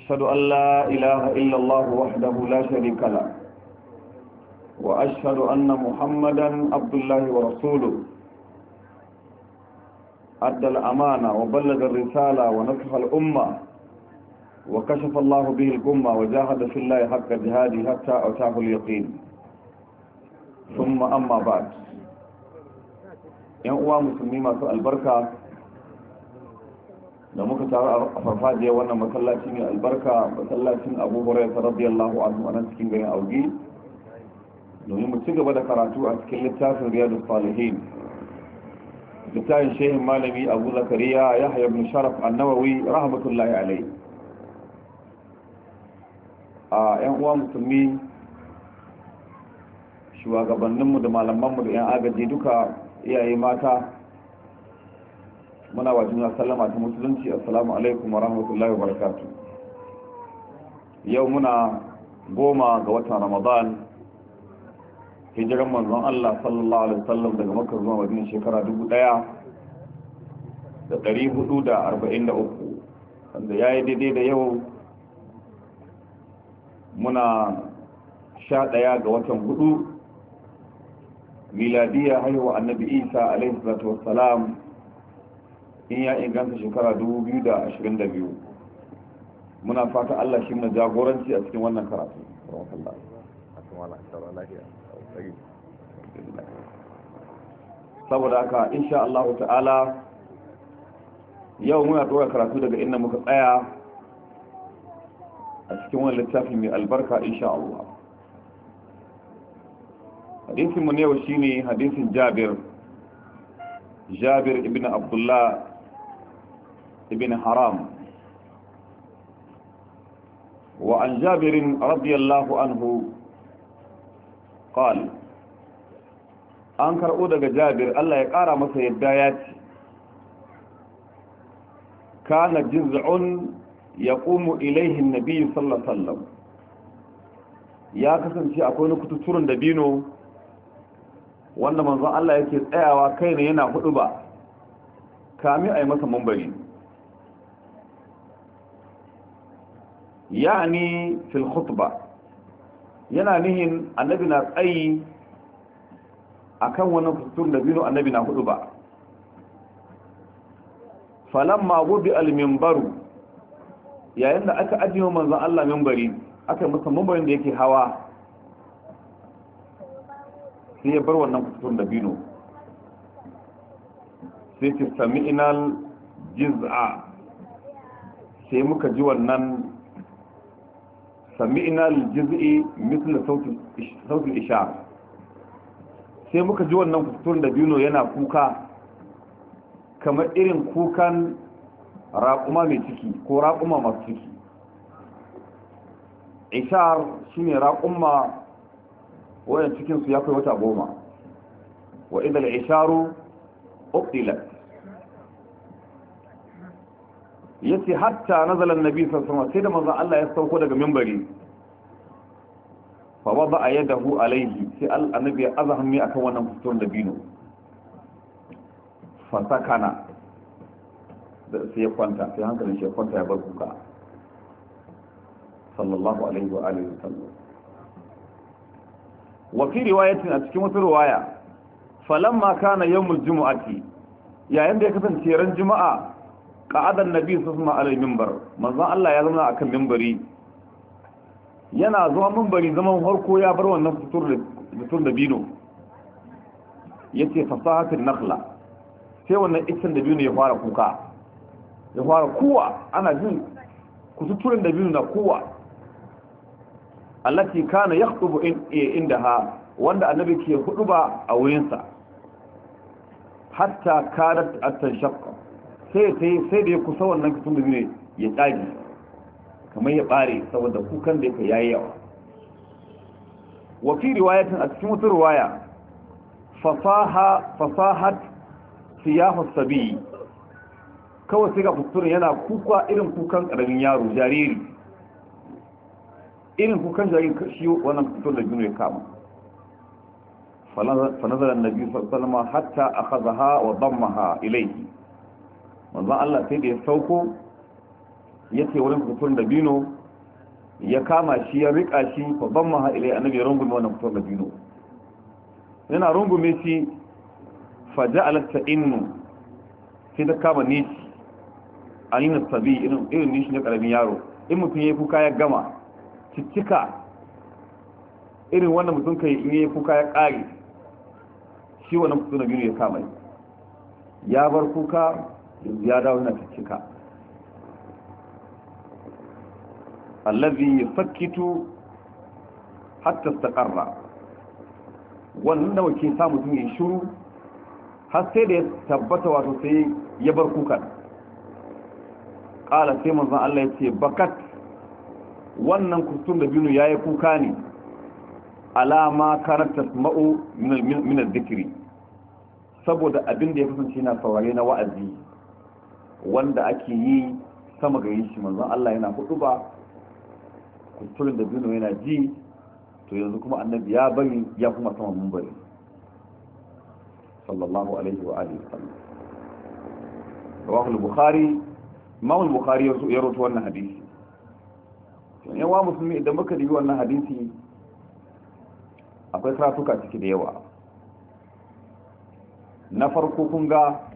أشهد أن لا إله إلا الله وحده لا شريك له وأشهد أن محمدا عبد الله ورسوله أدى الأمانة وبلغ الرسالة ونصح الأمة وكشف الله به الأمة وجاهد في الله حق جهاده حتى أتاه اليقين ثم أما بعد ‘yan uwa musulmi masu albarka da muka taru a farfajiyar wannan masallaci ne albarka masallacin abu hurairah radiyallahu anhu a nan cikin garin auge domin mu ci gaba da karatu a cikin littafin riyadu salihin littafin shehin malami abu zakariya ya haya bin sharaf annawawi rahmatullahi alai a yan uwa musulmi shugabanninmu da malamanmu da yan agaji duka iyaye mata muna wa juna sallama ta musulunci assalamu alaikum wa rahmatullahi wa barakatu yau muna goma ga watan ramadan hijiran manzon Allah sallallahu alaihi wasallam daga makka zuwa madina shekara dubu ɗaya da ɗari da arba'in da uku wanda ya yi daidai da yau muna sha daya ga watan hudu miladiya haihuwa annabi isa alaihi salatu wassalam in ya inganta shekara 2022 muna fata Allah shi mana jagoranci a cikin wannan karatu saboda haka insha Allah ta'ala yau muna dora karatu daga inda muka tsaya a cikin wani littafi mai albarka insha Allah hadisin mu ne yau shine hadisin Jabir Jabir ibn Abdullah بن حرام وعن جابر رضي الله عنه قال أنكر أودك جابر ألا يقار مسا يبدايات كان جزع يقوم إليه النبي صلى الله عليه وسلم ya kasance akwai wani kututturin da bino wanda manzon Allah yake tsayawa kai ne yana hudu ba kami a yi masa mambari yani filhutba yana nihin annabi na tsayi kan wani kusur da binu annabi na hudu ba falamma wudi alminbaru yayin da aka ajiye manzan Allah minbari aka musamman minbarin da yake hawa sai ya bar wannan kusur da binu sai ce jiz'a sai muka ji wannan sami'na al-juz'i mithla sautin isha sai muka ji wannan kusurin da bino yana kuka kamar irin kukan raƙuma mai ciki ko raƙuma masu ciki ishar shine raƙuma wayan cikinsu ya kai wata goma wa idal isharu uqtilat ya ce hatta na annabi sallallahu alaihi wasallam sai da maza Allah ya sauko daga ba minbari fa yadda hu alaihi sai annabi ya azaha mi akan wannan fitowar da bino fa sakana sai ya kwanta sai hankalin shi ya kwanta ya bar kuka sallallahu alaihi wa alihi wasallam wa fi riwayatin a cikin wata riwaya falamma kana yawmul jumu'ati yayin da ya kasance ran jima'a. ƙa'adar nabi su suna alal mimbar manzan Allah ya zama akan mimbari yana zama mimbari zaman harko ya bar wannan fitur da bino ya ce fasahatin nakla sai wannan iccen da bino ya fara kuka ya fara kuwa ana jin kututturin da bino na kuwa allati kana ya hudu inda ha wanda annabi ke hudu ba a wurinsa hatta karat attan shakka sai sai sai da ya kusa wannan kasan da zai ya tsage kamar ya bare saboda kukan da yake yayi yawa wa fi riwayatin a cikin wata riwaya fasaha fasahat siyahu sabi kawai sai ga fusturin yana kuka irin kukan karamin yaro jariri irin kukan jariri shi wannan fustur da zai ya kama فنظر النبي صلى الله عليه وسلم حتى أخذها وضمها إليه wanzan Allah sai da ya sauko ya ce wurin kutun da bino ya kama shi ya rika shi fa ban maha ilai annabi ya rungume wannan kutun da bino yana rungume shi fa alasta innu sai ta kama nishi alina sabi irin irin nishi na karamin yaro in mutum ya yi kuka ya gama cikika irin wannan mutum kai yi yayi kuka ya kare shi wannan kutun da bino ya kama ya bar kuka yanzu ya dawo na allazi hatta istaqarra wannan da wake sa mutum ya shiru har sai da ya tabbata wato sai ya bar kukan Kala sai manzan Allah ya ce bakat wannan kusur da binu ya kuka ne alama karanta min al-dhikri saboda abin da ya kasance na saurare na wa'azi wanda ake yi sama ga yin shi manzon Allah yana hudu ba kunturin da duniya yana ji to yanzu kuma annabi ya bari ya kuma sama mun bari sallallahu alaihi wa alihi sallam rawahu bukhari imam bukhari ya rawaito wannan hadisi to yawa wa musulmi idan muka dubi wannan hadisi akwai karatuka ciki da yawa na farko kun ga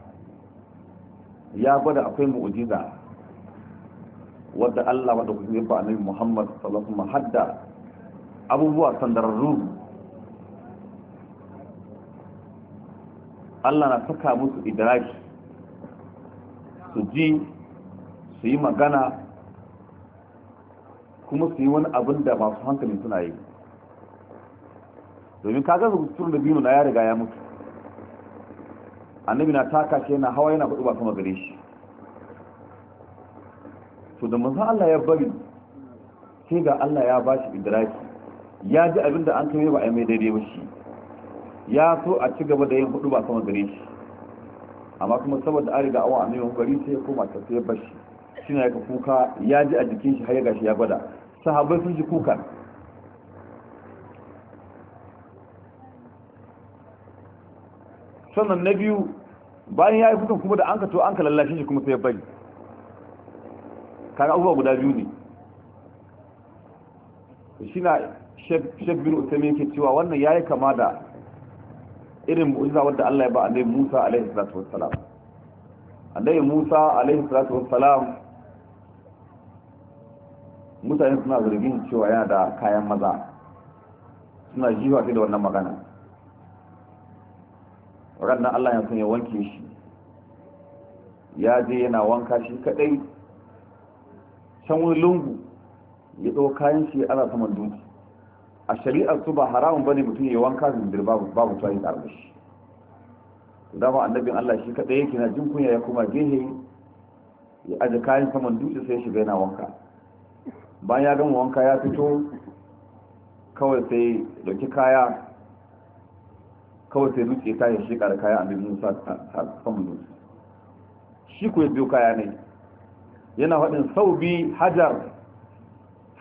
ya gwada akwai mu'ujiza wadda Allah wadda kuma yabba annabi Muhammad sallallahu alaihi wasallam hadda abubuwa sandararru Allah na saka musu idraki su ji su yi magana kuma su yi wani abin da masu hankali suna yi domin kaga su da biyu na ya riga ya mutu annabi na taka shi yana hawa yana faɗi ba sama gare shi to da manzan Allah ya bari sai ga Allah ya bashi idraki ya ji da an kai ba a mai daidai ba shi ya so a ci gaba da yin hudu ba sama gare shi amma kuma saboda an riga awon annabi gari sai ya koma ta sai ya bashi na ya kuka ya ji a jikin shi har ya gashi ya gwada sahabai sun ji kuka. sannan na biyu bayan ya yi fitan kuma da an ka to an ka lallashe shi kuma sai ya bari kaga abubuwa guda biyu ne shi na shef bin usami yake cewa wannan ya yi kama da irin mu'ujiza wadda Allah ya ba alai Musa alaihi salatu wassalam alai Musa alaihi salatu wassalam mutane suna zargin cewa yana da kayan maza suna jiwa da wannan magana ranar Allah ya san ya wanke shi ya je yana wanka shi kadai can wani lungu ya ɗau kayan shi ana saman dutse a shari'ar su ba haramun ba ne mutum ya wanka zindir babu tsayin ƙarfi shi dama annabin Allah shi kadai yake na jin kunya ya kuma gehe ya aje kayan saman dutse sai shiga yana wanka bayan ya gama wanka ya fito kawai sai dauki kaya kawai sai dutse ta ya shika da kaya annabi musa a saman shi ko biyo kaya ne yana fadin saubi hajar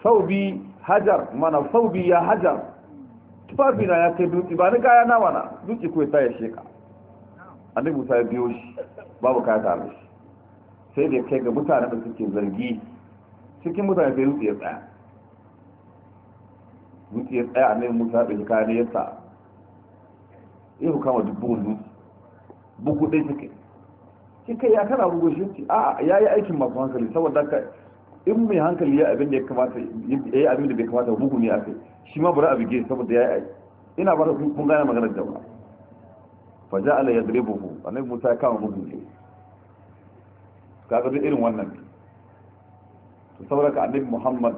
saubi hajar mana saubi ya hajar tufafina ya kai duki ba ni kaya na wana duki ko ya ta ya shika annabi musa ya biyo shi babu kaya ta shi sai da kai ga mutanen da suke zargi cikin mutane sai dutse ya tsaya dutse ya tsaya annabi musa ya kaya ne ya tsaya sai kama duk bugun buku ɗai suke shi kai ya kana bugun shi a ya yi aikin masu hankali saboda ka in mai hankali ya abin da ya kamata ya yi abin da bai kamata bugu ne a kai shi ma bari a gini saboda ya yi aiki ina ba kun gane maganar jama'a fa ja'ala yadribuhu annabi Musa ya kama bugun shi ka duk irin wannan to saboda ka annabi Muhammad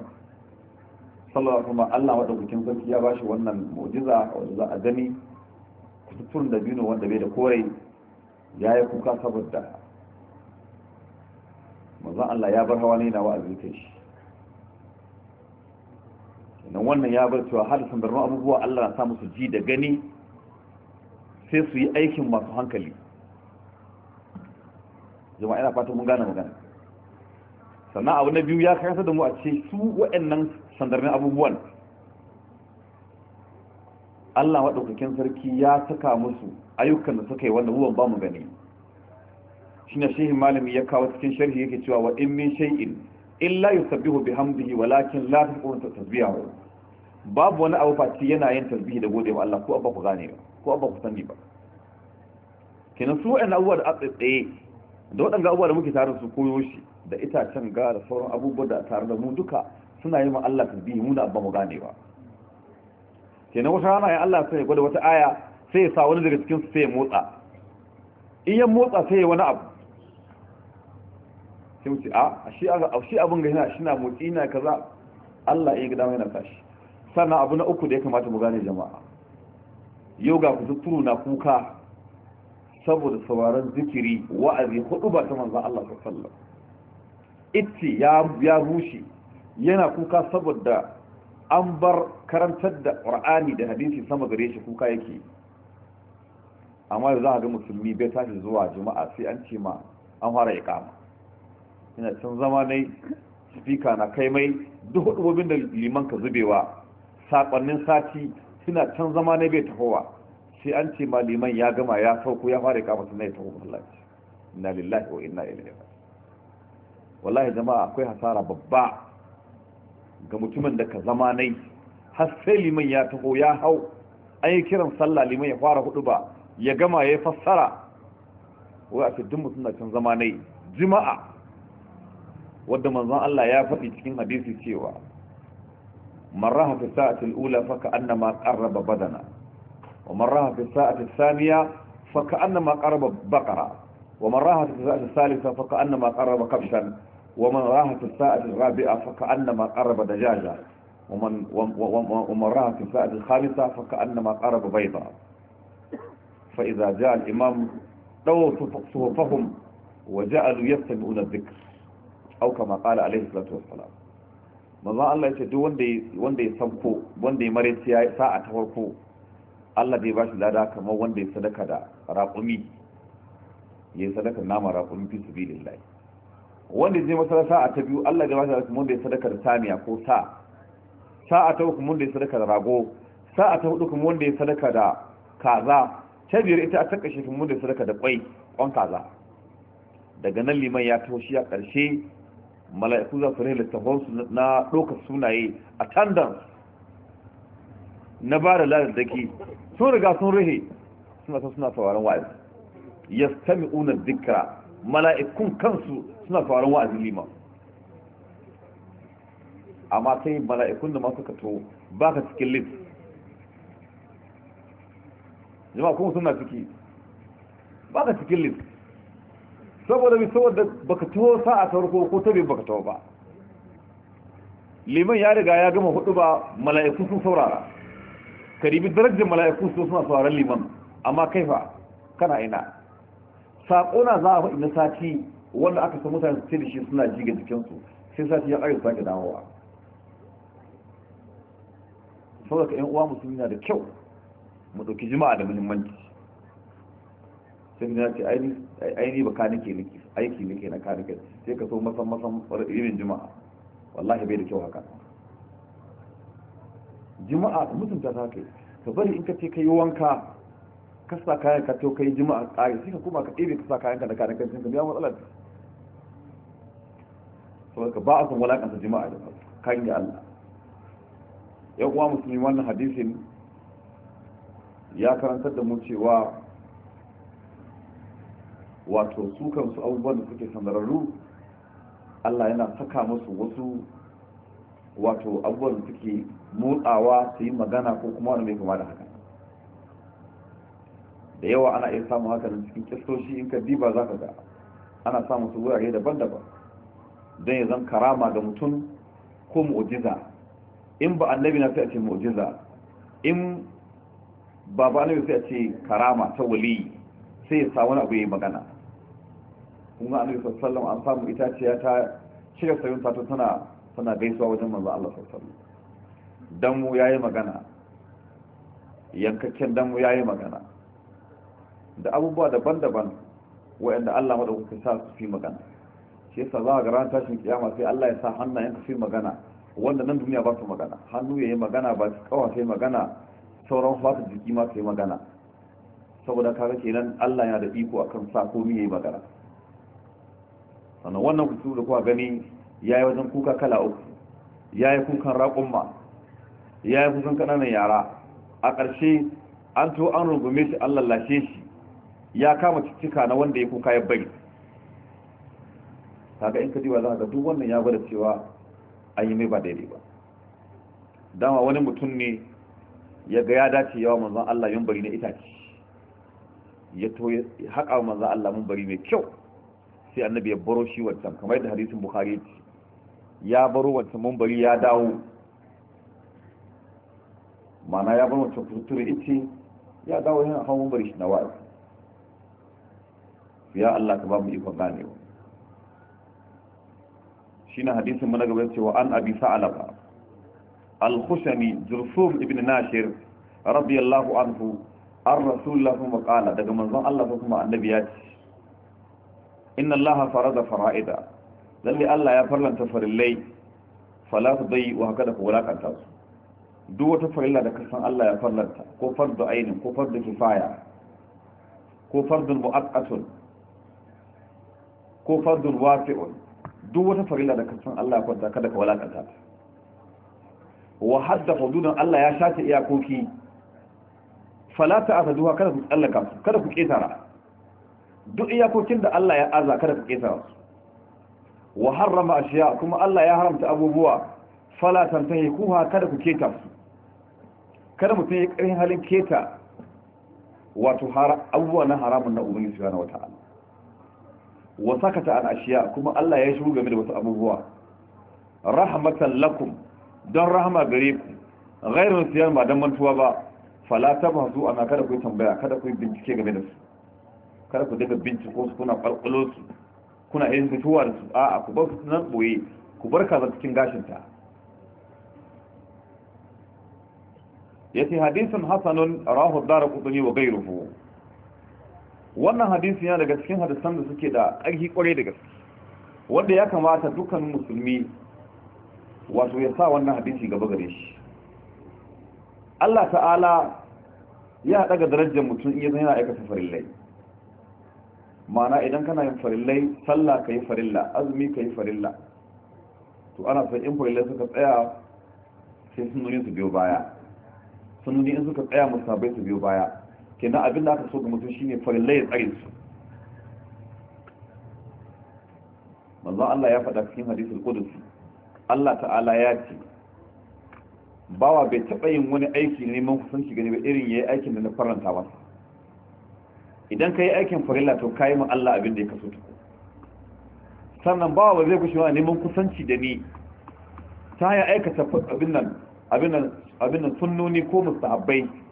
sallallahu alaihi wasallam Allah madaukakin sarki ya bashi wannan mu'jiza wanda za a gani tuttun da biyu wanda bai da kore ya yi kuka saboda mazan Allah ya bar hawa ne na wa'azi ta shi sannan wannan ya bar cewa hadisin barno abubuwa Allah na samu su ji da gani sai su yi aikin masu hankali jama'a ina fata mun gane magana sannan abu na biyu ya kasa da mu a ce su waɗannan sandarmin abubuwan Allah maɗaukakin sarki ya saka musu ayyukan da suka yi wanda ruwan ba mu gani shi ne shehin malami ya kawo cikin sharhi yake cewa wa in min shay'in illa yusabbihu bihamdihi walakin la taqulu tasbihahu babu wani abu fati yana yin tasbihi da gode wa Allah ko abba ku gane ba ko abba ku sani ba kenan su wa'annan abubuwa da atsatsaye da waɗanda abubuwa da muke tare da su koyo shi da itacen ga da sauran abubuwa da tare da mu duka suna yi ma Allah tasbihi mu da abba mu gane ba kenan wata rana ya Allah sai ya gwada wata aya sai ya sa wani daga cikin su sai ya motsa in ya motsa sai ya wani abu sai mutu ah, a shi shi abin ga yana na motsi na kaza Allah ya ga dama yana tashi sannan abu na uku da ya kamata mu gane jama'a yau ga kuturu na kuka saboda sauraron zikiri wa'azi hudu ba ta manzon Allah sallallahu alaihi wasallam itti ya ya rushe yana kuka saboda an bar karantar da Al-Qur'ani da hadisi sama gare shi kuka yake amma da za a ga musulmi bai tashi zuwa juma'a sai an ce ma an fara ya kama ina can zama ne spika na kai mai duk hudubobin da liman ka zubewa saƙonnin sati suna can zama ne bai tafowa sai an ce ma liman ya gama ya sauko ya fara ya kama sannan ya taho masallaci inna lillahi wa inna ilaihi wallahi jama'a akwai hasara babba ga mutumin da ka zama nai har sai liman ya taho ya hau an yi kiran sallah liman ya fara hudu ba ya gama ya fassara wai a cikin mutum na can zama nai jima'a wadda manzon Allah ya faɗi cikin hadisi cewa marraha fi sa'atil ula fa ka'annama qarraba badana wa marraha fi sa'atil thaniya fa ka'annama qarraba baqara wa marraha fi sa'atil thalitha fa ka'annama qarraba kabshan ومن راه في الساعة الرابعة فكأنما قرب دجاجة ومن, ومن راه في الساعة الخامسة فكأنما قرب بيضة فإذا جاء الإمام دوروا صفوفهم وجعلوا يستمعون الذكر أو كما قال عليه الصلاة والسلام manzon Allah ya ce duk wanda wanda ya sanko wanda ya mareci ya sa'a ta farko Allah bai bashi lada kamar wanda ya sadaka da raƙumi ya sadaka nama raƙumi fi sabilillah wanda zai masa sa'a ta biyu Allah ya bashi mun da ya sadaka da samiya ko sa sa'a ta uku mun da ya sadaka da rago sa'a ta hudu kuma wanda ya sadaka da kaza ta biyar ita a takashe kuma mun da ya sadaka da kwai kon kaza daga nan liman ya taho shi a karshe mala'iku za su rai su na ɗaukar sunaye a tandan na ba da ladar daki sun riga sun rahe suna ta suna sauraron wa'azi yastami'una dhikra mala'ikun kansu suna sauran wa'azin liman amma sai mala'ikun da masu kato ba ka cikin lif jama'a kuma suna ciki ba ka cikin lif saboda bi saboda baka taho sa'a ta farko ko ta ba baka taho ba liman ya riga ya gama hudu ba mala'iku sun saurara karibin darajar mala'iku sun suna sauraron liman amma kaifa kana ina saƙona za a faɗi na sati wanda aka san mutane su da shi suna ga jikinsu sai sati ya ƙarfi sake dawowa saboda ka 'yan uwa musulmi na da kyau mu ɗauki jima'a da muhimmanci sai ya ce aini ba kani ke nake aiki ke na kani ke sai ka so masan masan irin jima'a wallahi bai da kyau haka jima'a mutunta ta kai ka bari in ka ce ka yi wanka ka sa kayan ka to kai jima'a tsari sai ka koma ka ɗebe ka sa kayan ka da kayan kan ka biya matsalar saboda ba a san walakanta jima'a da kan ya Allah yan uwa musulmi wannan hadisin ya karantar da mu cewa wato su kansu abubuwan da suke sanararru Allah yana saka musu wasu wato abubuwan da suke motsawa su yi magana ko kuma wani mai kama da haka da yawa ana iya samun haka nan cikin kistoshi in ka diba za ka ga ana samun su wurare daban-daban don ya zan karama ga mutum ko mu'ujiza in ba annabi na sai a ce mu'ujiza in ba ba annabi sai a ce karama ta wali sai ya samu abu ya yi magana kun ga annabi sallallahu an samu itaciya ta shirya sayin sato tana tana gaisuwa wajen manzo Allah sallallahu alaihi wasallam dan mu yayi magana yankakken dan mu yayi magana da abubuwa daban-daban wa'anda Allah maɗaukaka sa su fi magana shi yasa za a ga ran tashin kiyama sai Allah ya sa hannayen ka fi magana wanda nan duniya ba su magana hannu ya yi magana ba su kawa sai magana sauran fata jiki ma su yi magana saboda kaga kenan Allah yana da iko akan sa komi ya yi magana sannan wannan kusur da kuwa gani ya yi wajen kuka kala uku ya yi kukan raƙumma ya yi kusan ƙananan yara a ƙarshe an to an rungume shi an lashe shi ya kama cikika na wanda ya kuka ya bari kaga in ka diba za ga duk wannan ya gwada cewa an yi mai ba daidai ba dama wani mutum ne ya ga ya dace yawa manzan Allah yin bari na itace ya to ya haƙa Allah mun bari mai kyau sai annabi ya baro shi wancan kamar da hadisin bukhari ya baro wancan mun bari ya dawo mana ya baro wancan fitur ya dawo yana hau mun bari shi na wa'azi ya Allah ka ba mu ikon ganewa shine hadisin mu na gaba cewa an abi sa'alaba al-khushani jursum ibn nashir radiyallahu anhu an rasulullah kuma kala daga manzon Allah ko kuma annabi ya ce inna Allah farada fara'ida lalle Allah ya farlanta farillai fala tudai wa haka da wulakanta su duk wata farilla da kasan Allah ya farlanta ko fardu ainin ko fardu kifaya ko fardul mu'aqqatun ko fardun wafi'un duk wata farilla da kasan Allah kwanta kada ka walakanta ta wa hadda hududan Allah ya shafe iyakoki fala ta'taduha kada ku tsallaka su kada ku ƙetara. duk iyakokin da Allah ya aza kada ku ƙetara. su wa harrama ashiya kuma Allah ya haramta abubuwa fala kuwa kada ku keta su kada mutum ya karin halin keta wato abubuwa na haramun na ubangiji subhanahu wata'ala wa sakata an ashiya kuma Allah ya shiru game da wasu abubuwa rahmatan lakum don rahama gare ku ghairu siyan ba dan mantuwa ba fala tabhasu ana kada ku tambaya kada ku bincike game da su kada ku daga binciko su kuna kalkulo su kuna yin fituwa da su a'a ku bar su nan boye ku bar kaza cikin gashin ta yace hadisin hasanun rahu dar qutni wa ghayruhu wannan hadisi yana daga cikin hadisan da suke da ƙarfi ƙwarai da gaske wanda ya kamata dukkan musulmi wato ya sa wannan hadisi gaba gare shi Allah ta'ala ya daga darajar mutum iya zai yana aikata farillai ma'ana idan kana yin farillai sallah ka yi farilla azumi ka yi farilla to ana sai in farillai suka tsaya sai sun nuni su biyo baya sun nuni in suka tsaya musabai su biyo baya kenan abin da aka so ga mutum shine farillai tsarin su manzon Allah ya faɗa cikin hadisul qudus Allah ta'ala ya ce bawa bai taɓa yin wani aiki neman kusanci gani ba irin yayi aikin da na faranta ba idan ka yi aikin farilla to ka yi Allah abin da ya kaso tuku sannan ba wa zai kushewa neman kusanci da ni ta ya aikata abin nan sunnoni ko mustahabbai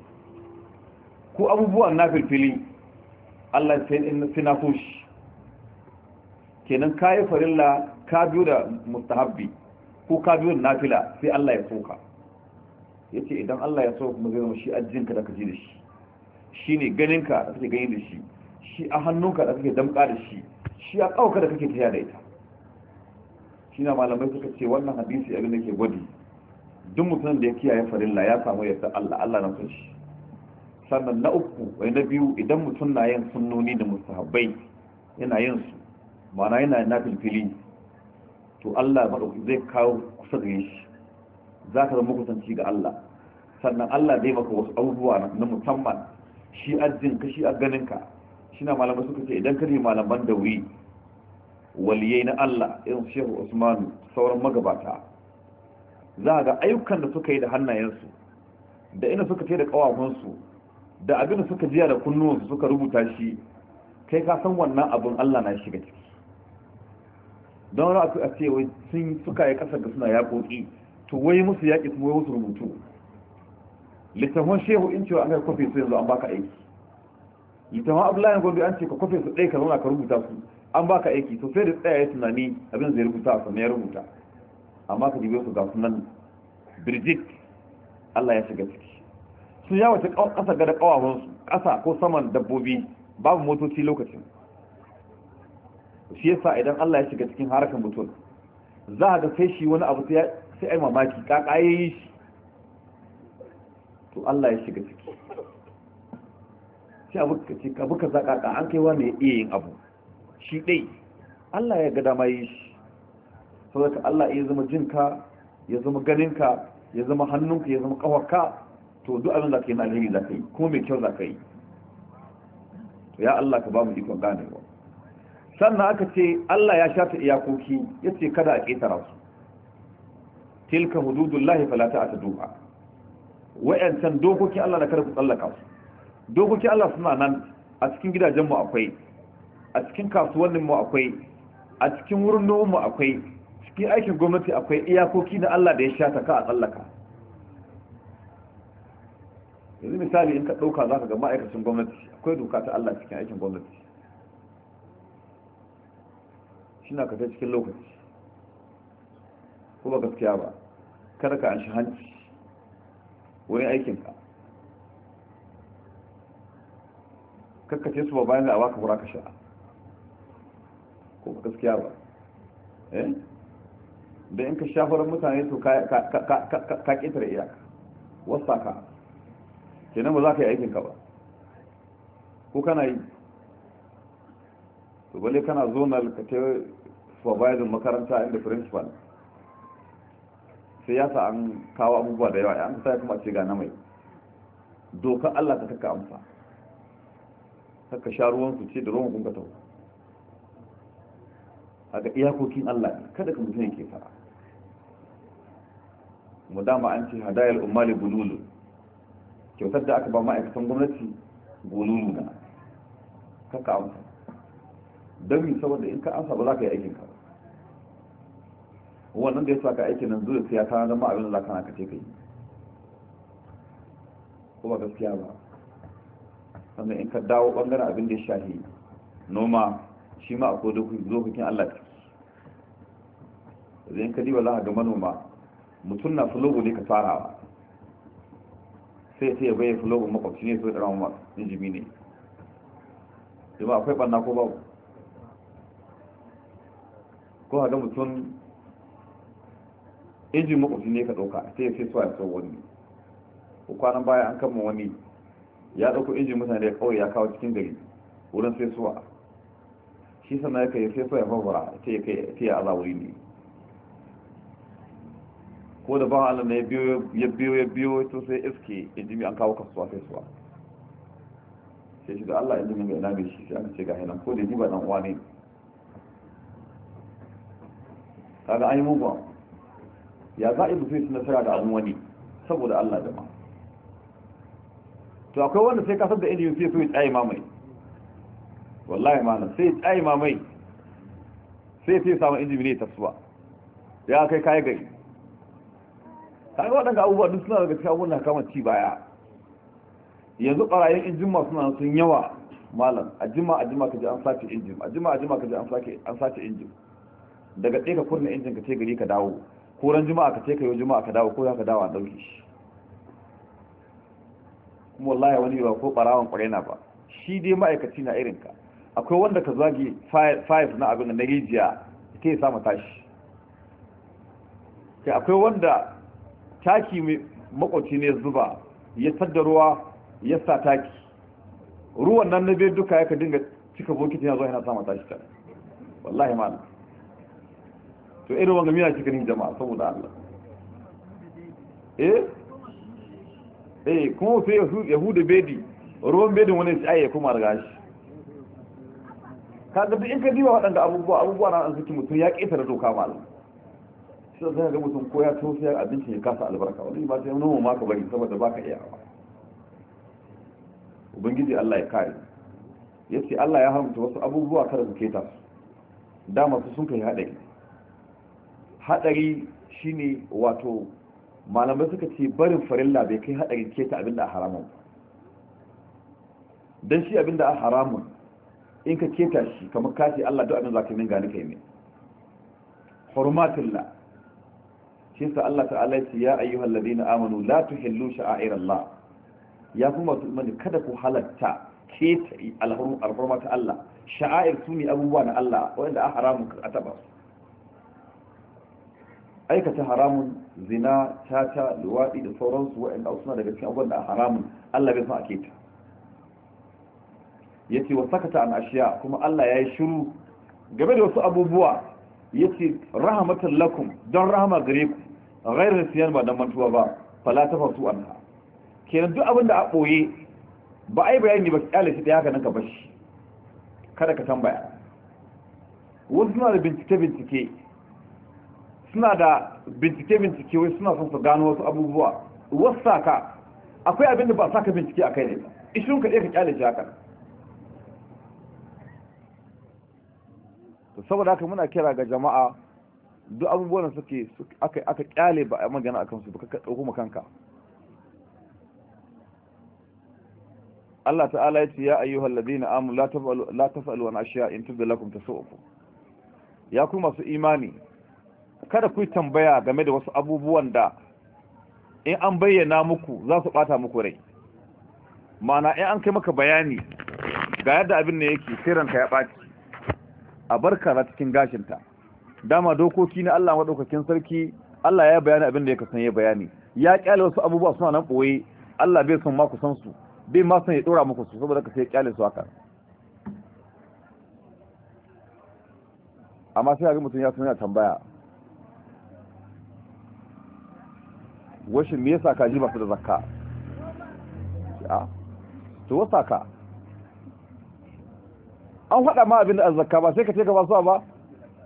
ko abubuwan na filfili Allah sai na so kushi kenan ka yi farilla ka biyo da mustahabbi ko ka biyo da nafila sai Allah ya soka ya ce idan Allah ya so kuma zai zama shi ajinka da ka ji da shi shi ne ganinka da kake gani da shi shi a hannunka da kake damƙa da shi shi a ƙauka da kake tafiya da ita shi na malamai suka ce wannan hadisi abin da ke gwadi duk mutumin da ya kiyaye farilla ya samu yasa Allah Allah na son shi sannan na uku wai na biyu idan mutum na yin sunnoni da musahabbai yana yin su mana yana na filfili to Allah maɗauki zai kawo kusa da shi za ka zama kusanci ga Allah sannan Allah zai maka wasu abubuwa na musamman shi ajin ka shi a ganin ka shi na malamai suka ce idan ka ne malaman da wuri waliyai na Allah yin shehu Usmanu sauran magabata za ga ayyukan da suka yi da hannayensu da ina suka ce da kawafansu da abin da suka jiya da kunnuwansu suka rubuta shi kai ka san wannan abin Allah na shiga ciki don ra'a a ce wai sun suka yi kasar da suna yaƙoƙi to wai musu yaƙi su wai musu rubutu littafin shehu in cewa an kai kofi su yanzu an baka aiki littafin abdullahi gobe an ce ka kofi su ɗaya ka zauna ka rubuta su an baka aiki to sai da tsaya ya tunani abin zai rubuta a sannan ya rubuta amma ka jibe su ga sunan birjik Allah ya shiga ciki su ya wace ƙasa ga da ƙawawansu ƙasa ko saman dabbobi babu motoci lokacin shi yasa idan Allah ya shiga cikin harakan mutum za a ga sai shi wani abu sai ai mamaki kakaye yi shi to Allah ya shiga ciki sai abu ka ce abu ka zaka ka an kaiwa ne iya yin abu shi dai Allah ya ga dama yi shi saboda Allah ya zama jinka ya zama ganinka ya zama hannunka ya zama kawarka to duk abin za ka yi na alheri za ka yi kuma mai kyau za ka yi to ya Allah ka ba mu ikon ganewa sannan aka ce Allah ya shata iyakoki ya ce kada a ƙetara su tilka a ta duba. wa'ancan dokokin Allah da kada ku tsallaka su dokokin Allah suna nan a cikin gidajen mu akwai a cikin kasuwannin mu akwai a cikin wurin noman mu akwai cikin aikin gwamnati akwai iyakoki da Allah da ya shata ka a tsallaka misali in ka ɗauka za ka ga ma'aikacin gwamnati akwai doka ta Allah cikin aikin gwamnati shi na kafa cikin lokaci kuma gaskiya ba kada ka an shi hanci wurin aikinka kakkace su ba bayan da a ka kura ka sha kuma gaskiya ba eh da in ka shafarar mutane to ka ƙetare iyaka wasa ka kenan ba za ka yi aikinka ba ko kana yi to bale kana zonal ka ce supervisor makaranta inda principal sai ya sa an kawo abubuwa da yawa an sai kuma ce ga mai doka Allah ta taka amsa haka sha ruwansu su ce da ruwan kun ka a haka iyakokin Allah kada ka mutum yake fara mu dama an ce hadayar ummali bululu kyautar da aka ba ma'aikatan gwamnati gonunu na kaka amsa don yi saboda in ka amsa ba za ka yi aikin ka wannan da ya saka aikin nan zuwa sai ya tana zama abin da za ka na kace ka yi Kuma gaskiya ba sannan in ka dawo bangaren abin da ya shahi noma shi ma a akwai dokokin allah ta zai ka diba za ga manoma mutum na fulogo ne ka farawa sai sai ya bayyana kulobin makwabci ne so ya ɗarawa injimi ne jama'a akwai banna ko babu ko ga mutum injin makwabci ne ka ɗauka sai ya sai suwa ya so wani ko kwanan baya an kama wani ya ɗauko injin mutane ya kawai ya kawo cikin gari wurin sai suwa shi sannan ya kai sai suwa ya fafara ta ya kai ya azawuri ne ko da ban Allah ne ya biyo ya biyo ya biyo to sai iske injimi an kawo kasuwa sai suwa sai shi da Allah zama ga ina mai shi sai an ce ga hinan ko da jiba dan uwa ne kaga an yi mugu ya za a yi mutum su nasara da abin wani saboda Allah da ma to akwai wanda sai kasar da injimi sai so ya tsaye mamai wallahi malam sai ya tsaye mamai sai sai samun injimi ne ta suwa ya kai kayi gari kaga waɗanda abubuwa duk suna daga cikin abubuwan kama ci baya yanzu ɓarayen injin masu nan sun yawa malam a jima a jima ka ji an sace injin a jima a jima ka ji an sace injin daga ɗaya ka kurna injin ka ce gari ka dawo ko ran juma'a ka ce ka yi juma'a ka dawo ko za ka dawo a ɗauki shi kuma wallahi wani yawa ko ɓarawan na ba shi dai ma'aikaci na irin ka. akwai wanda ka zagi 5 na abin da na rijiya ta yi samu tashi akwai wanda taki makwaci ne zuba ya sadda ruwa ya sa taki ruwan nan na biyu duka ya ka dinga cika bokiti na zuwa yana sama tashi ta wallahi ma'ana to irin wanga miya cikin jama'a saboda Allah eh eh kuma sai yahudu bedi ruwan bedin wani sai ya kuma daga shi kaga duk in ka diba waɗanda abubuwa abubuwa na an suke mutum ya ƙetare doka malam shi zai ga mutum ko ya tosiya abinci ya kasa albarka wani ba sai noma ma ka bari saboda baka iya awa ubangiji Allah ya kare ya ce Allah ya haramta wasu abubuwa kada su keta su dama su sun kai haɗari haɗari shine wato malamai suka ce barin farilla bai kai haɗarin keta abinda a haramun don shi abinda a haramun in ka keta shi kamar kashi Allah duk abin za ka min gani kai ne hurmatullah shi sa Allah ta'ala ya ce ya ayyuhal ladina amanu la tuhillu sha'airallah ya kuma tumani kada ku halatta keta alharum alhurma ta Allah sha'air ne abubuwa na Allah wanda a haramun ka taba su aikata haramun zina tata luwadi da sauransu wa'anda suna daga cikin abubuwan da a haramun Allah bai san a keta yace wa sakata an ashiya kuma Allah ya yi shiru game da wasu abubuwa yace rahmatan lakum don rahama gare ku ghairu siyan ba dan mantuwa ba fala tafasu anha kenan duk abin da a boye ba ai bayani ba kyale shi da haka nan ka bashi kada ka tambaya wasu suna da bincike bincike suna da bincike bincike wai suna son su gano wasu abubuwa wasu saka akwai abin da ba saka bincike akai ne ishin ka ɗaya ka kyale shi haka to saboda haka muna kira ga jama'a duk abubuwan da suke aka aka kyale ba a magana akan su ba ka dauko kanka Allah ta'ala ya ce ya ayyuhal ladina amanu la taf'alu la taf'alu an ashiya in tubu lakum tasu'ukum ya ku masu imani kada ku tambaya game da wasu abubuwan da in an bayyana muku za su bata muku rai mana in an kai maka bayani ga yadda abin ne yake sirranka ya baci a bar kara cikin gashinta dama dokoki na Allah madaukakin sarki Allah ya bayani abin da ya kasan ya bayani ya kyale wasu abubuwa suna nan boye Allah bai son ma ku san su bai ma son ya dora muku su saboda ka sai kyale su haka amma sai ga mutum ya san yana tambaya washin me yasa ji ba su da zakka a ah, to wasa ka an faɗa ma abin da azzaka ba sai ka ce ka ba su ba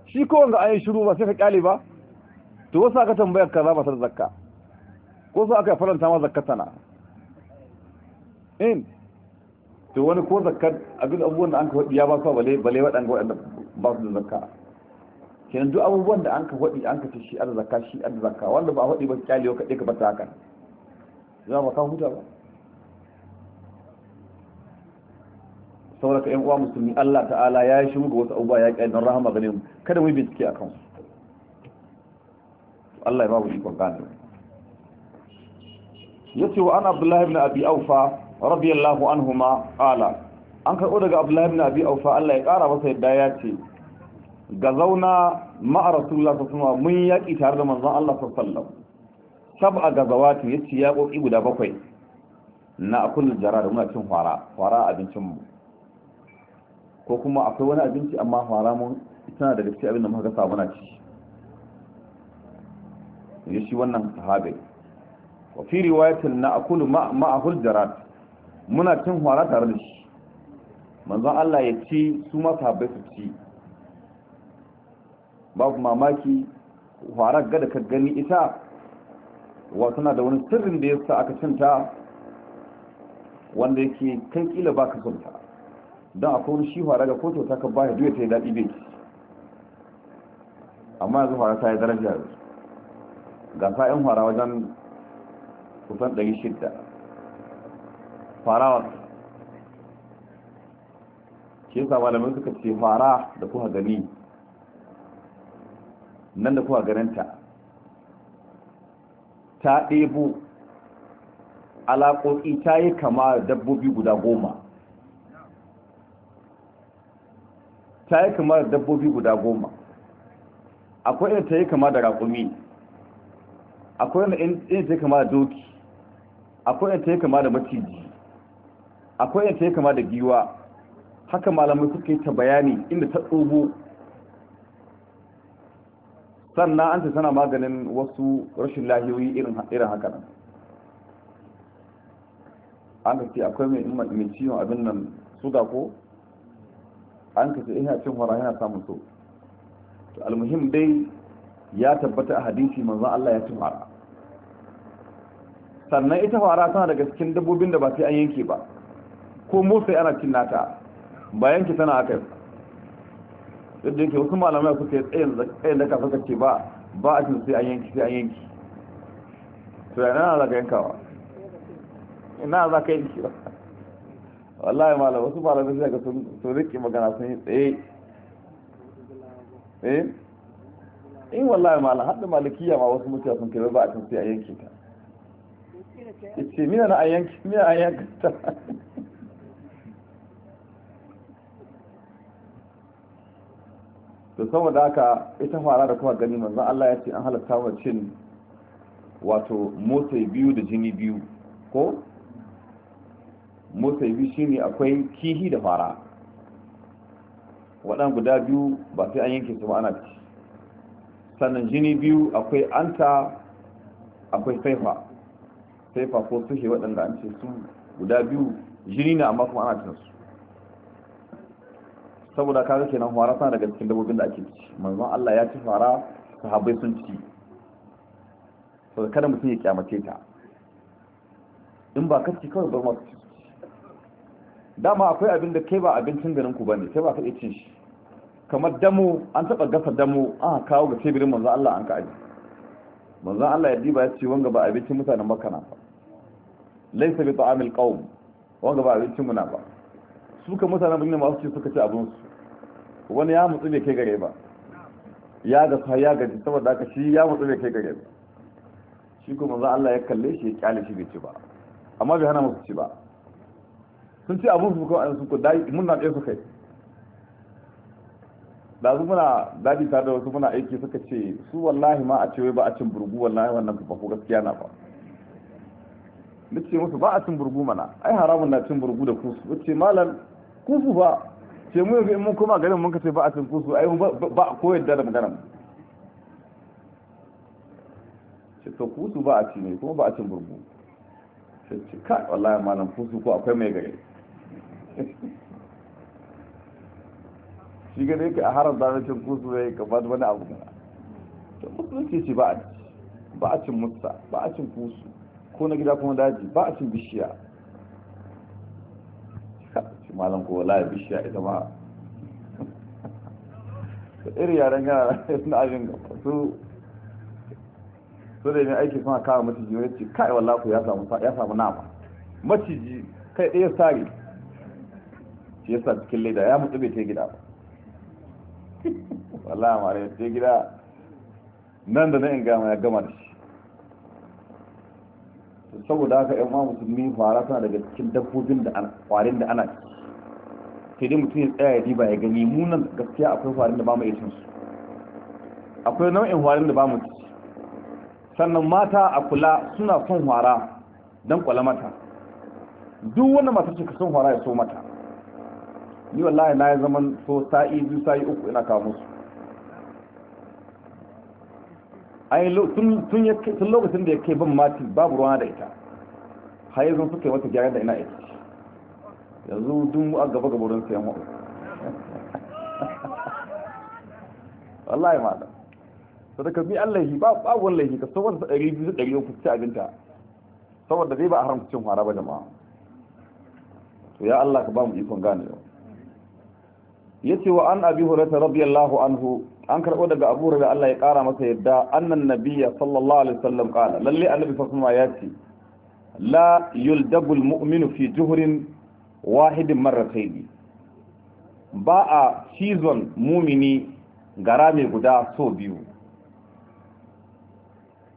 shi ko wanda ayin shiru ba sai ka kyale ba to wasu aka tambayar kaza ba ta zakka ko su aka faranta ma zakka sana in to wani ko zakka abin abubuwan da an ka faɗi ya ba su bale bale waɗanda waɗanda ba su da zakka kenan duk abubuwan da an ka faɗi an ka ce shi an zakka shi an zakka wanda ba a faɗi ba kyale ka ɗe ka bata haka za ba ka huta ba saboda yan uwa musulmi Allah ta'ala ya yi shi muka wasu abubuwa ya ƙi don rahama gare mu kada mu yi bincike a kan Allah ya babu ikon gane ce wa an Abdullahi ibn Abi Aufa radiyallahu anhuma ala an karɓo daga Abdullahi ibn Abi Aufa Allah ya ƙara masa yadda ya ce ga zauna ma'a Rasulullah sallallahu alaihi mun yaƙi tare da manzon Allah sallallahu alaihi wasallam sab'a gazawati yace ya ƙoƙi guda bakwai na akul jarada muna cin fara fara abincin mu ko kuma akwai wani abinci amma haramun tana da gaske abin da muka gasa muna ci ya shi wannan sahabai wa fi riwayatin na akulu ma'ahul jarat muna cin hwara tare da shi manzon Allah ya ci su ma sahabai su ci babu mamaki hwara gada ka gani ita wa tana da wani sirrin da ya sa aka cinta wanda yake kan kila baka son don a kowani shi fara ga koto ta ka baya duwata ta yi daɗi bai amma yanzu fara ta yi daraja yanzu ga sa'in fara wajen kusan 600 farawa ke sama da suka ce fara da kuka gani nan da kuka ganinta ta ɗebo alaƙoƙi ta yi kama dabbobi guda goma ta yi kama da dabbobi guda goma akwai inda ta yi kama da raƙumi akwai inda ta yi kama da doki akwai inda ta yi kama da maciji akwai inda ta yi kama da giwa haka malamai suka yi ta bayani inda ta tsogo sannan an ta sana maganin wasu rashin lahiyoyi irin haka nan an ka ce akwai mai ciwon abin nan suga ko an kace ina cin wara yana samun so to almuhim dai ya tabbata a hadisi manzon Allah ya ci wara sannan ita wara tana daga cikin dabbobin da ba sai an yanke ba ko motsa ana cin nata ba yanke tana aka yi da yake wasu malamai su yi tsayin da kafa ce ba ba a cin sai an yanki sai an yanki to yana za ka yankawa ina za ka yanki ba wallahi malam wasu malamai sai ga sun rike magana sun yi tsaye eh in eh, wallahi malam har malikiya ma wasu mutane sun kai ba a kan sai a yanke ta ce mina na a yanke mina a yanke ta to saboda haka ita fara da kuma gani manzon Allah ya ce an halatta wa cin wato motsi biyu da jini biyu ko motsai biyu shine akwai kihi da fara waɗanda guda biyu ba sai an yanke su ana ci sannan jini biyu akwai anta akwai saifa saifa ko suke waɗanda an ce su guda biyu jini na amma kuma ana cin su saboda kaga nan fara sana daga cikin dabbobin da ake ci manzon Allah ya ci fara su sahabbai sun ci saboda kada mutum ya kyamace ta in ba ka kawai bar masu ci dama akwai abin da kai ba abincin garin ku bane sai ba ka cin shi kamar damo an taba gasa damo an kawo ga tebirin manzo Allah an ka aji manzo Allah ya diba ya ce wanga ba abincin mutanen Makka na ba laysa bi ta'amil qawm wanga ba abincin mu na ba su ka mutanen Madina masu ce suka ci abun su wani ya mutsu bai kai gare ba ya ga sa ya gaji saboda haka shi ya mutsu bai kai gare ba shi kuma manzo Allah ya kalle shi ya kyale shi bai ci ba amma bai hana musu ci ba sun ce abun su kawai su ku dai mun na ɗaya su kai da su muna daji tare da wasu muna aiki suka ce su wallahi ma a ce wai ba a cin burgu wallahi wannan ba ko gaskiya na ba nace ce musu ba a cin burgu mana ai haramun na cin burgu da kusu na ce malam kusu ba ce mu yanzu in mun koma garin mun ka ce ba a cin kusu ai ba a koyar da magana ce to kusu ba a ci ne kuma ba a cin burgu sai ce ka wallahi malam kusu ko akwai mai gari. shi gane ka a haram da cin da ya yi kamar wani abu gana to musulunci ce ba a ci ba a cin musta ba a cin kusu ko na gida kuma daji ba a cin bishiya shi malam ko wala bishiya ita ma iri yaren suna abin ajin su su da yi aiki suna kawo maciji wani ce kai wallafu ya samu nama maciji kai ɗaya sari shi yasa cikin leda ya mutu bai ta gida ba wala mara ya ta gida nan da na in gama ya gama da shi saboda haka yan ma musulmi fara suna daga cikin dabbobin da kwarin da ana ciki sai dai mutum ya tsaya ya diba ya gani munan gaskiya akwai kwarin da ba mu iya cin su akwai nau'in kwarin da ba mu ci sannan mata a kula suna son kwara don kwala mata duk wanda matar ce ka son ya so mata ni wallahi na ya zaman so sa'i biyu sa'i uku ina kawo musu ai tun lokacin da ya kai ban mati babu ruwa da ita har yanzu suka yi mata gyara da ina aiki. yanzu dun a gaba gaba wurin sayan wa'u wallahi ma da sadaka Allah yi ba babu wani laifi ka saboda ɗari biyu ɗari uku ci abinta saboda zai ba a haramta cin fara ba jama'a to ya Allah ka ba mu ikon gane. yace wa an abi hurairah radiyallahu anhu an karbo daga abu hurairah Allah ya kara masa yadda annan nabiyya sallallahu alaihi wasallam qala lalle annabi sallallahu alaihi wasallam la yuldabu almu'minu fi juhrin wahidin marratayn ba a season mumini gara guda so biyu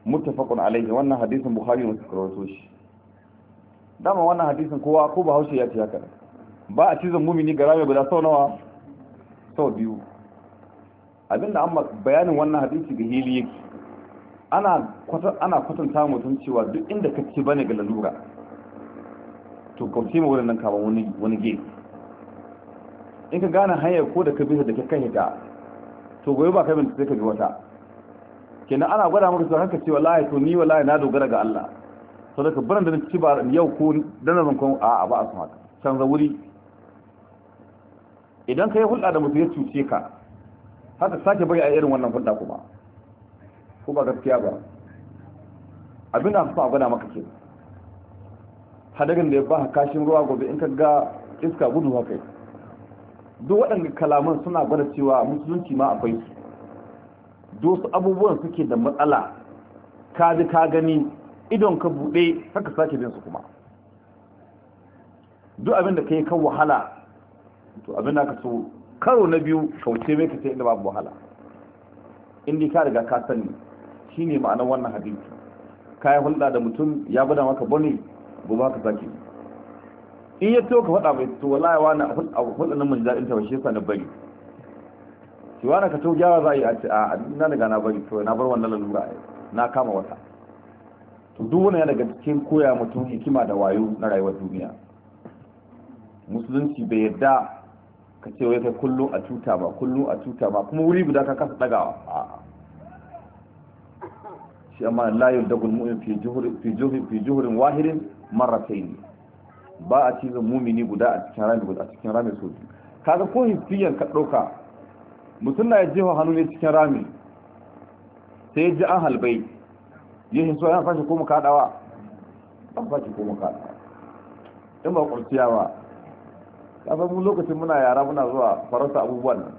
muttafaqun Alayhi, wannan hadisin bukhari ne suka rawaito shi dama wannan hadisin kowa ko bahaushe ya ce haka ba a cizon mumini gara guda sau nawa sau biyu abinda an bayanin wannan hadisi ga hili yake ana kwatanta mutum cewa duk inda ka ci bane ga lalura to kauce ma wurin kama wani ge in ka gane hanyar ko da ka bisa da ka kai ta to goyi ba kabin sai ka bi wata kenan ana gwada maka su haka cewa lahi to ni wallahi na dogara ga Allah saboda ka barin da ci ba yau ko dan zan kon a ba a san haka canza wuri idan ka yi hulɗa da mutu ya cuce ka haka sake bari a irin wannan hulɗa kuma ko ba gaskiya ba abin da a gwada maka ke hadarin da ya ba kashin ruwa gobe in ka ga iska gudu haka duk waɗanda kalaman suna gwada cewa musulunci ma akwai su su abubuwan suke da matsala ka ji ka gani idon ka buɗe haka sake bin su kuma duk abin da ka yi kan wahala to abin da ka so karo na biyu kauce mai kace inda babu wahala inda ka riga ka sani shine ma'anar wannan hadisi kai hulɗa da mutum ya bada maka bane gobe ka sake in ya to ka faɗa mai to wallahi na hulɗa nan mun daɗin ta ba shi na bari shi wani ka to gyawa za a yi a ce a na daga na bari to na bar wannan lalura na kama wata to duk wani daga cikin koya mutum hikima da wayo na rayuwar duniya musulunci bai yadda ka ce wai kai kullum a tuta ba kullum a tuta ba kuma wuri guda ka kasa dagawa shi amma la yudagul mu'min fi juhurin fi juhurin fi juhurin ba a cizon mumini guda a cikin rami guda a cikin rami so biyu ga ko hifiyan ka dauka mutum na ya je wa hannu ne cikin rami sai ya ji an halbai ya hiso yana fashi ko mu kadawa an fashi ko mu kadawa in ba kurciya ba kasan mu lokacin muna yara muna zuwa faransa abubuwan nan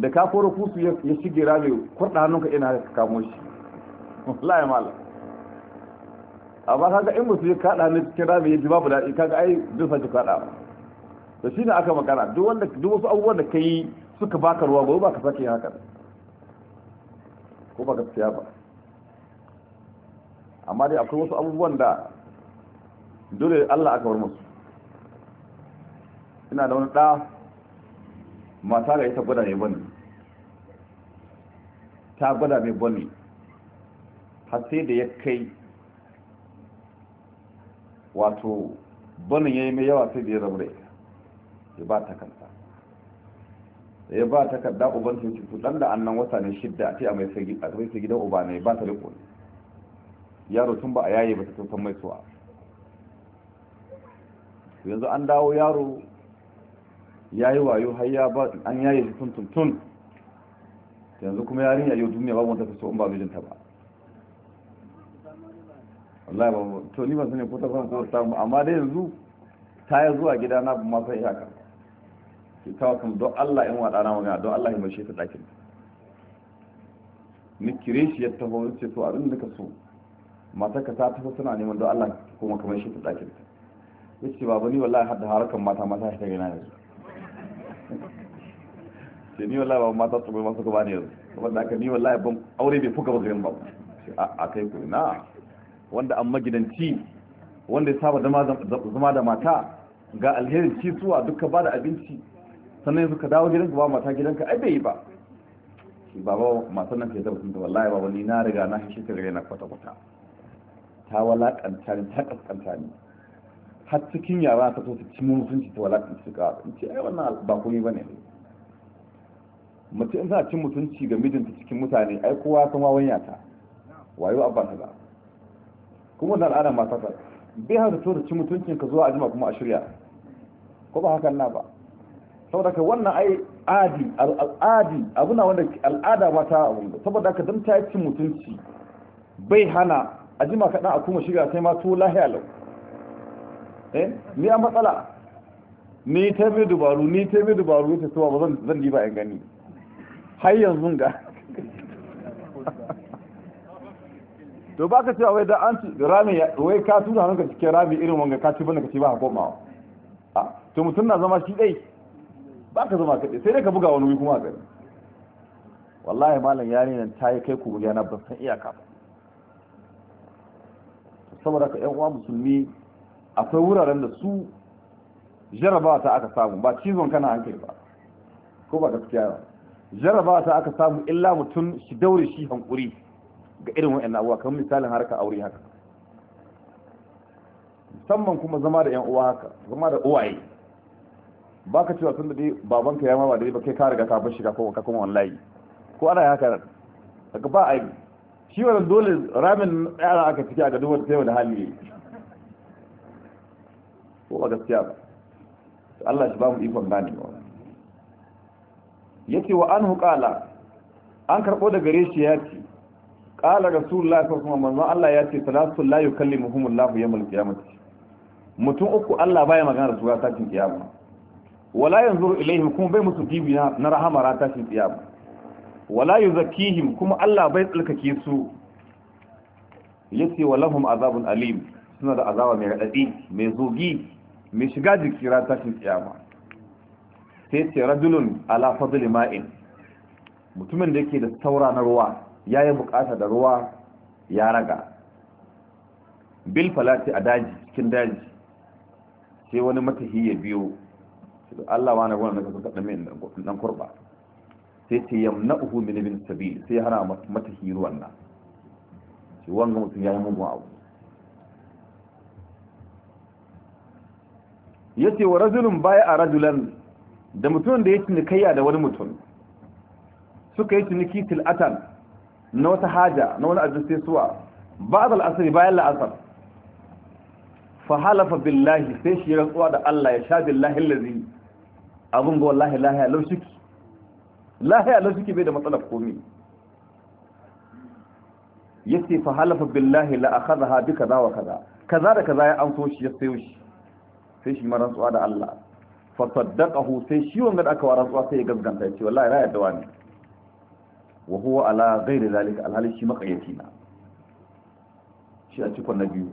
da ka koro kusu ya shige rami kurɗa hannunka ina ka kamo shi mala a ba kaga in musu ya kaɗa hannun cikin rami ya ji babu daɗi kaga ai zai ki kaɗa ba to shi ne aka magana duk wanda duk wasu abubuwan da ka yi suka baka ruwa gobe ba ka sake haka ko ba ka gaskiya ba amma dai akwai wasu abubuwan da dole Allah aka bar musu ina da wani ɗa mata ga ita gwada mai bane ta gwada mai bane har sai da ya kai wato banin ya yi mai yawa sai da ya rabu da ita ya ba ta kanta da ya ba ta kanta uban sun cutu ɗan da annan wata ne shidda a ce a mai sai gidan uba ne ba ta riko yaro tun ba a yaye ba ta tautan mai suwa yanzu an dawo yaro ya yi wayo har ba an yaye shi tun tun yanzu kuma yarinya yau duniya babu wanda ta so in ba mijinta ba wallahi ba to ni ba sani ko ta san ko mu amma dai yanzu ta yi zuwa gida na ba ma sai haka ki ta kuma don Allah in wada na magana don Allah ya mace ta dakin ni kire shi ya taho ce to abin da ka so mata ka ta tafi suna neman don Allah kuma kamar shi ta dakin ta yace baba ni wallahi hadda harakan mata mata ta gina yanzu ce ni wallahi ba mata su bai masu kuma ne yanzu saboda haka ni wallahi ban aure bai fuka ba zai ba a kai ku na wanda an magidanci wanda ya saba zama da mata ga alherin ci zuwa duka ba da abinci sannan yanzu ka dawo gidanka ba mata gidanka ai bai yi ba baba masu nan fiye da mutum da wallahi ba ni na riga na shi gare na kwata-kwata ta walakanta ni ta kaskanta ni har cikin yara ta so su ci mutunci ta su suka in ce ai wannan ba komai bane mace in tana cin mutunci ga mijinta cikin mutane ai kowa san wawan yata wayo abba ta ba kuma wannan al'ada mata ta bai haka to da ci mutuncin ka zuwa ajima kuma a shirya ko ba hakan na ba saboda ka wannan ai adi al'adi abu na wanda al'ada mata abun saboda ka dan ta cin mutunci bai hana ajima kaɗan a kuma shirya sai ma to lahiya lau Eh? ni a matsala ni ta mai dubaru ni ta mai dubaru ta tuwa ba zan yi ba in gani har yanzu ga to ba ka cewa wai da an rami wai ka tuna hannunka cikin rami irin wanga ka ci bane ka ci ba komawa a ah, to mutum na zama shi dai ba ka zama kaɗai sai dai ka buga wani wuri kuma a gari wallahi malam ne nan ta yi kai ku yana na ban san iyaka ba saboda ka yan uwa musulmi akwai wuraren da su jaraba ta aka samu ba cizon kana an kai ba ko ba gaskiya ba jaraba ta aka samu illa mutum shi daure shi hankuri ga irin wa'annan abuwa kamar misalin harka aure haka musamman kuma zama da yan uwa haka zama da uwaye ba ka cewa da dai babanka ya ma ba dai ba kai ka riga ka bar shiga ka kuma wallahi ko ana haka daga ba a yi shi wannan dole ramin yara aka fita ga duk wata sai wani hali ko ba gaskiya ba Allah shi ba mu ikon gane ba yace wa anhu qala an karbo da gare shi ya ce qala rasulullahi sallallahu alaihi wasallam Allah ya ce salatu la yukallimuhum Allah yawmal qiyamati mutum uku Allah baya magana da su ga tashin kiyama wala yanzuru ilaihim kuma bai musu dibi na rahama ra tashin kiyama wala yuzakkihim kuma Allah bai tsalkake su yace wa lahum azabun alim suna da azaba mai radadi mai zogi mai shiga jikira tashin kiyama sai ce radulun ala fadli ma'in mutumin da yake da saura na ruwa ya yi bukata da ruwa ya raga bil falati a daji cikin daji sai wani matahi ya biyo Allah na wani na kasar kaɗa mai ɗan kurba sai ce yamna uhu min ibn sabil sai hana matahi ruwan nan shi wanga mutum ya yi mugun abu yace wa rajulun baya a rajulan da mutum da ya cinikayya da wani mutum suka yi ciniki tilatan na wata haja na wani abin sai suwa ba'd al-asr bayan la'asar fa halafa billahi sai shi rantsuwa da Allah ya sha billahi allazi abun ga wallahi lahiya laushiki lahiya laushiki bai da matsalar komai yace fa halafa billahi la akhadha bi kaza wa kaza kaza da kaza ya amso shi ya sayo shi sai shi marantsuwa da Allah fa saddaqahu sai shi wanda aka wa rantsuwa sai ya gaskanta ya ce wallahi na yadda wani wa huwa ala ghairi zalika alhali shi maqayati na shi a cikon na biyu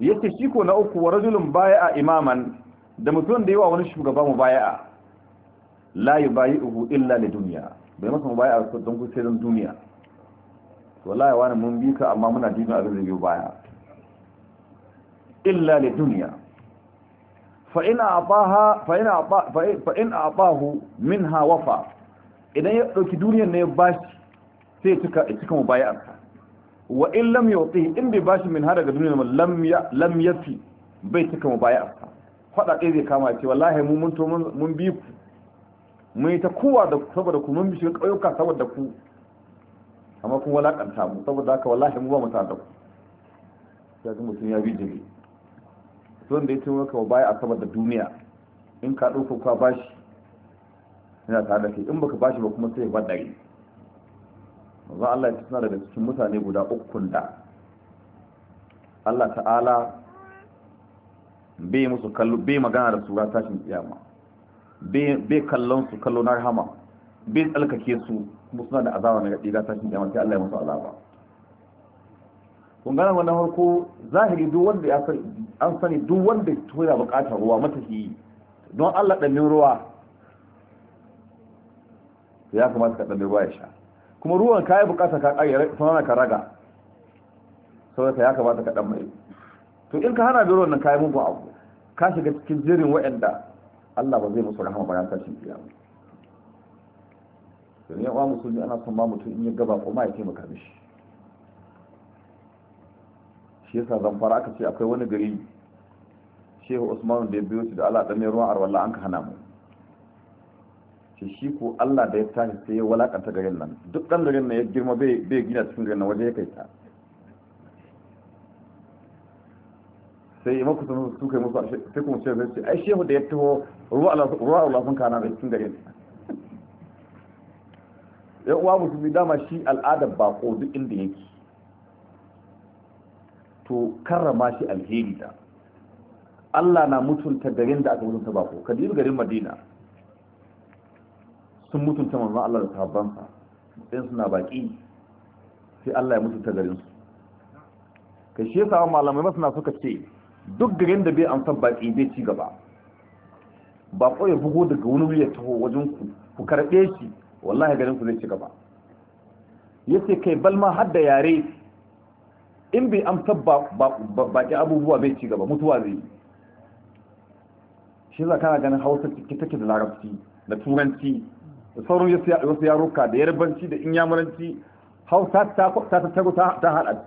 yace shi ko na uku wa rajulun bai'a imaman da mutum da yawa wani shugaba mu bai'a la yubayi'uhu illa li dunya bai masa mu bai'a don ku sai don duniya wallahi wani mun bi ka amma muna dinin abin da biyu baya illa li duniya fa in abaha fa ina aba fa in abahu minha wafa idan ya dauki duniyar ne ya bashi sai tuka tuka mu baya wa in lam yuti in bi bashi min hada ga duniyar lam ya lam yati bai tuka mu baya fada dai zai kama ce wallahi mun mun to mun bi ku mun yi ta kuwa da saboda ku mun bi shi kauyuka saboda ku amma kun walakanta mu saboda haka wallahi mu ba mu tare da ku ya ga mutum ya bi jiri don da ya ce ba ya a da duniya in ka dauko ka bashi yana tare da kai in baka bashi ba kuma sai ya baɗari manzo Allah ya tsara daga cikin mutane guda kun da Allah ta'ala bai musu kallo bai magana da sura tashin kiyama bai kallon su kallo na rahama bai tsalkake su kuma suna da azawa na gaɗi gata shi kyamar Allah ya musu alama, Ƙungana gane wannan harko zahiri duk wanda ya an sani duk wanda ya buƙatar ruwa matafiyi don Allah ɗanin ruwa ya kamata ka ɗanin ruwa ya sha kuma ruwan ka yi buƙatar ka ƙayyar na ka raga saurata ya kamata ka ɗan mai to in ka hana bi ruwan nan ka yi mugun abu ka shiga cikin jirin waɗanda Allah ba zai musu rahama bayan tashin kiyama domin yawa musulmi ana son ma mutum in ya gaba ma ya taimaka mishi shi yasa zan fara aka ce akwai wani gari shehu usmanu da ya biyo shi da allah ɗan ruwan arwallah an ka hana mu shi shi ko allah da ya tashi sai ya walakanta garin nan duk ɗan garin nan ya girma bai gina cikin garin nan waje ya kai ta sai yi maku sun su kai musu a kuma shehu sai ce ai shehu da ya taho ruwa allah sun kana da cikin garin nan yan uwa musulmi dama shi al'adar bako duk inda yake to karrama shi alheri da Allah na mutunta garin da aka mutunta bako kadir garin Madina sun mutunta manzon Allah da sahabbansa sai suna baki sai Allah ya mutunta garin su kai shi yasa malamai masana suka ce duk garin da bai san baki bai ci gaba bako ya bugo daga wani wuri ya taho wajen ku ku karbe shi wallahi ganin ku zai ci gaba yace kai balma har da yare in bi amsa baki abubuwa bai ci gaba mutuwa zai shi za kana ganin hausa ciki take da larabci da turanci da sauran wasu yaruka da yarbanci da inyamuranci hausa ta ta ta ta haɗa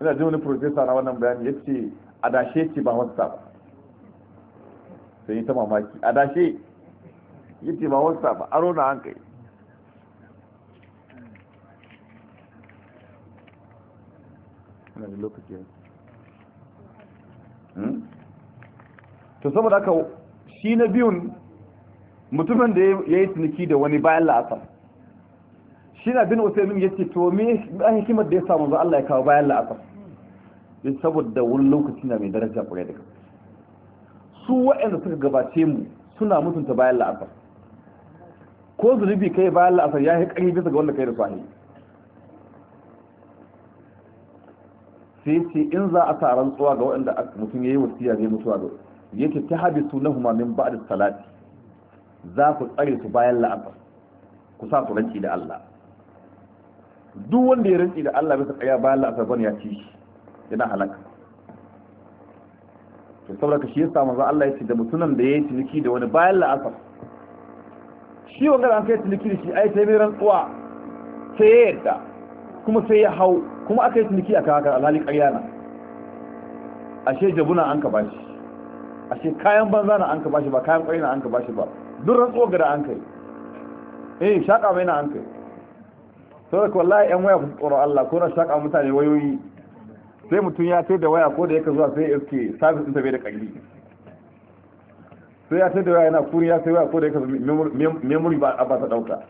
ina ji wani profesa na wannan bayani ya ce adashe ce ba hausa ba sai ta mamaki adashe yake ba wasa ba aro na hankali da hmm? to saboda haka shi na biyun mutumin da ya yi tuniki da wani bayan la'asar shi na bin usaimin ya ce to me an hikimar da ya samu za Allah ya kawo bayan la'asar ya saboda wani lokaci na mai daraja kwarai daga su waɗanda suka gabace mu suna mutunta bayan la'asar ko zunubi kai bayan la'asar ya yi ƙarfi bisa ga wanda kai da sahi sai ce in za a sa rantsuwa ga waɗanda mutum ya yi wasiya zai mutuwa ga yake ta habi suna na humamin ba da salati za ku tsare su bayan la'asar ku sa su rantsi da Allah duk wanda ya rantsi da Allah bisa kariya bayan la'asar ban ya ci shi yana halaka to saboda ka shi yasa manzo Allah ya ce da mutumin da ya yi ciniki da wani bayan la'asar shi wanga da an kai ciniki da shi ai sai mai rantsuwa sai ya yadda kuma sai ya hau kuma aka yi ciniki a kaka alhali ƙarya na ashe jabuna an ka bashi ashe kayan banza na an ka bashi ba kayan ƙwai na an ka bashi ba duk rantsuwa gada da an kai eh shaƙa mai na an kai sau da wallahi yan waya kusa tsoron Allah ko na shaƙa mutane wayoyi sai mutum ya sai da waya ko da yake zuwa sai ya iske sabis ɗinsa bai da ƙarfi sai ya da yana kuri ya sai ya ko da yake memory ba a ba ta dauka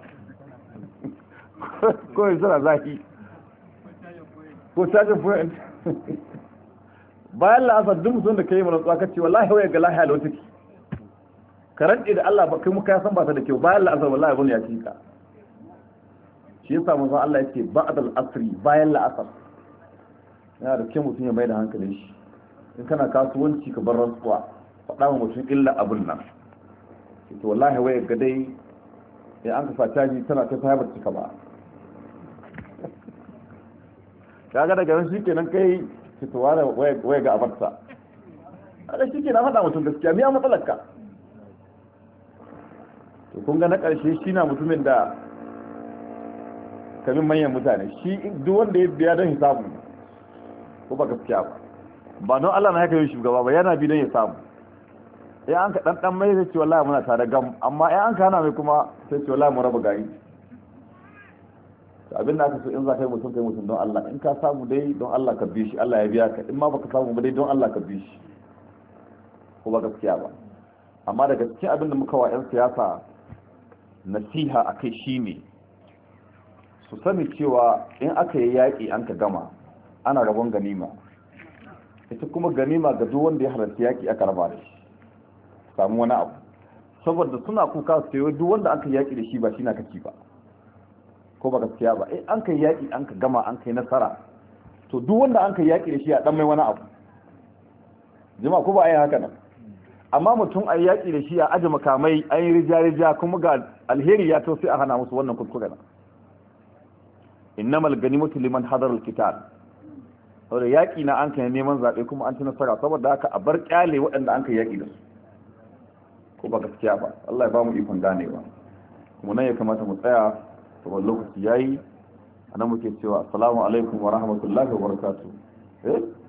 ko yi zara zaki ko charging point bayan la'asar duk mutum da ka yi mana tsaka ce wallahi waya ga lahiya a lotiki ka rantse da Allah ba kai muka san ba ta da kyau bayan la'asar wa wani ya ci ka shi yasa manzon Allah yake ba'd al-asri bayan la'asar yana da kyau mutum ya mai da hankalin shi in kana kasuwanci ka bar rantsuwa faɗa wa mutum illa abun nan to wallahi waye ga dai ya an kafa caji tana ta fahimtar cika ba kaga daga nan shi kenan kai fitowa da waye ga abarta ala da shi kenan faɗa mutum gaskiya miya matsalarka to kun ga na ƙarshe shi na mutumin da kamin manyan mutane shi duk wanda ya biya don hisabu ko ba gaskiya ba ba don Allah na haka yin shugaba ba yana bi don ya samu ya an ka ɗanɗan mai sai ce wallahi muna tare gam amma ya an ka hana mai kuma sai ce wallahi mu raba gari abin da aka so in za ka yi mutum kai mutum don Allah in ka samu dai don Allah ka bi shi Allah ya biya ka in ma baka samu ba dai don Allah ka bi shi ko ba gaskiya ba amma daga cikin abin da muka wa 'yan siyasa nasiha a kai shi ne su sani cewa in aka yi yaƙi an ka gama ana rabon ganima ita kuma ganima ga duk wanda ya halarci yaƙi aka raba da shi samu wani abu saboda suna kuka su sayo duk wanda aka yaƙi da shi ba shi na kaci ba ko ba gaskiya ba eh an kai yaƙi an ka gama an kai nasara to duk wanda an kai yaƙi da shi a dan mai wani abu jama'a ko ba a yi haka nan amma mutum a yaƙi da shi a aji makamai an yi rija-rija kuma ga alheri ya to sai a hana musu wannan kuskure na innamal ganimatu liman hadar alkitab saboda yaƙi na an kai neman zaɓe kuma an ci nasara saboda haka a bar ƙyale waɗanda an kai yaƙi da su ko ba gaskiya ba Allah ya ba mu ikon ganewa kuma nan ya kamata mu tsaya saboda lokaci yayi anan muke cewa assalamu alaikum wa rahmatullahi wa barakatuh eh